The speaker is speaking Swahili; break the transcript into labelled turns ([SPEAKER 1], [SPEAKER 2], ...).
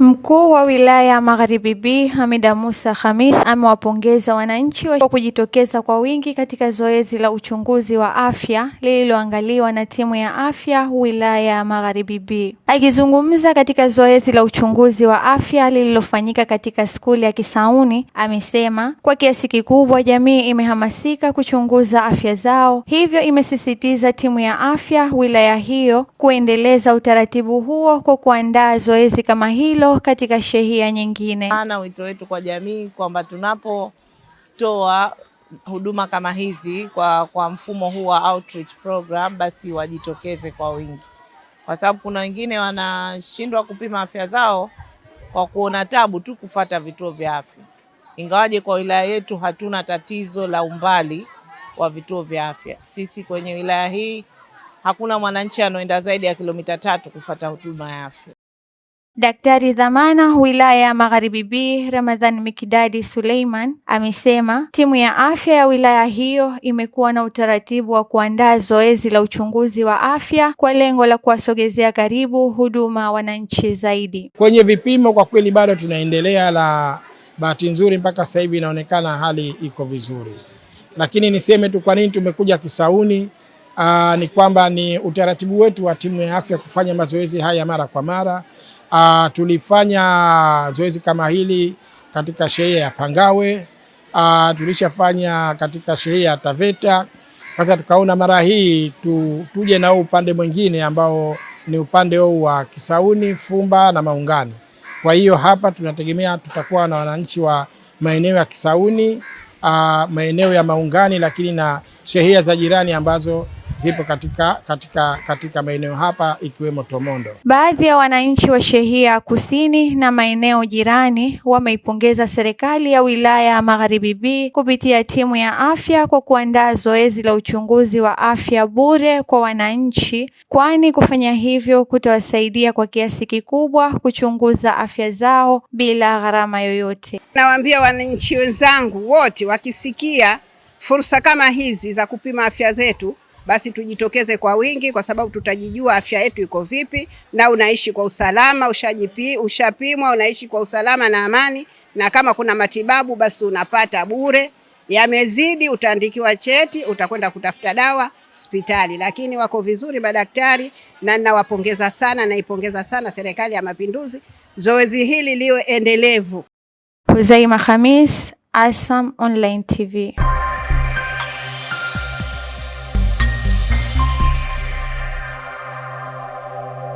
[SPEAKER 1] Mkuu wa wilaya ya Magharibi B Hamida Musa Khamis amewapongeza wananchi kwa kujitokeza kwa wingi katika zoezi la uchunguzi wa afya lililoangaliwa na timu ya afya wilaya ya Magharibi B. Akizungumza katika zoezi la uchunguzi wa afya lililofanyika katika skuli ya Kisauni, amesema kwa kiasi kikubwa jamii imehamasika kuchunguza afya zao, hivyo imesisitiza timu ya afya wilaya hiyo kuendeleza utaratibu huo kwa kuandaa zoezi kama hilo hilo katika shehia nyingine.
[SPEAKER 2] Ana wito wetu kwa jamii kwamba tunapotoa huduma kama hizi kwa, kwa mfumo huu wa outreach program, basi wajitokeze kwa wingi, kwa sababu kuna wengine wanashindwa kupima afya zao kwa kuona tabu tu kufata vituo vya afya, ingawaje kwa wilaya yetu hatuna tatizo la umbali wa vituo vya afya. Sisi kwenye wilaya hii hakuna mwananchi anaoenda zaidi ya kilomita tatu kufata huduma ya afya.
[SPEAKER 1] Daktari dhamana wilaya ya Magharibi B Ramadhan Mikidadi Suleiman amesema timu ya afya ya wilaya hiyo imekuwa na utaratibu wa kuandaa zoezi la uchunguzi wa afya kwa lengo la kuwasogezea karibu huduma wananchi zaidi.
[SPEAKER 3] Kwenye vipimo kwa kweli bado tunaendelea, la bahati nzuri mpaka sasa hivi inaonekana hali iko vizuri, lakini niseme tu kwa nini tumekuja Kisauni. Aa, ni kwamba ni utaratibu wetu wa timu ya afya kufanya mazoezi haya mara kwa mara Uh, tulifanya zoezi kama hili katika shehia ya Pangawe. Uh, tulishafanya katika shehia ya Taveta. Sasa tukaona mara hii tu, tuje na upande mwingine ambao ni upande huu wa Kisauni, Fumba na Maungani. Kwa hiyo hapa tunategemea tutakuwa na wananchi wa maeneo ya Kisauni, uh, maeneo ya Maungani, lakini na shehia za jirani ambazo zipo katika, katika, katika maeneo hapa ikiwemo Tomondo.
[SPEAKER 1] Baadhi ya wananchi wa shehia kusini na maeneo jirani wameipongeza serikali ya wilaya ya Magharibi B kupitia timu ya afya kwa kuandaa zoezi la uchunguzi wa afya bure kwa wananchi, kwani kufanya hivyo kutawasaidia kwa kiasi kikubwa kuchunguza afya zao bila gharama yoyote.
[SPEAKER 4] Nawaambia wananchi wenzangu wote wakisikia fursa kama hizi za kupima afya zetu basi tujitokeze kwa wingi, kwa sababu tutajijua afya yetu iko vipi, na unaishi kwa usalama, ushajipi ushapimwa, unaishi kwa usalama na amani, na kama kuna matibabu basi unapata bure. Yamezidi utaandikiwa cheti, utakwenda kutafuta dawa hospitali. Lakini wako vizuri madaktari, na ninawapongeza sana, naipongeza sana Serikali ya Mapinduzi, zoezi hili liwe endelevu.
[SPEAKER 1] Huzaima Khamis, ASAM Online TV.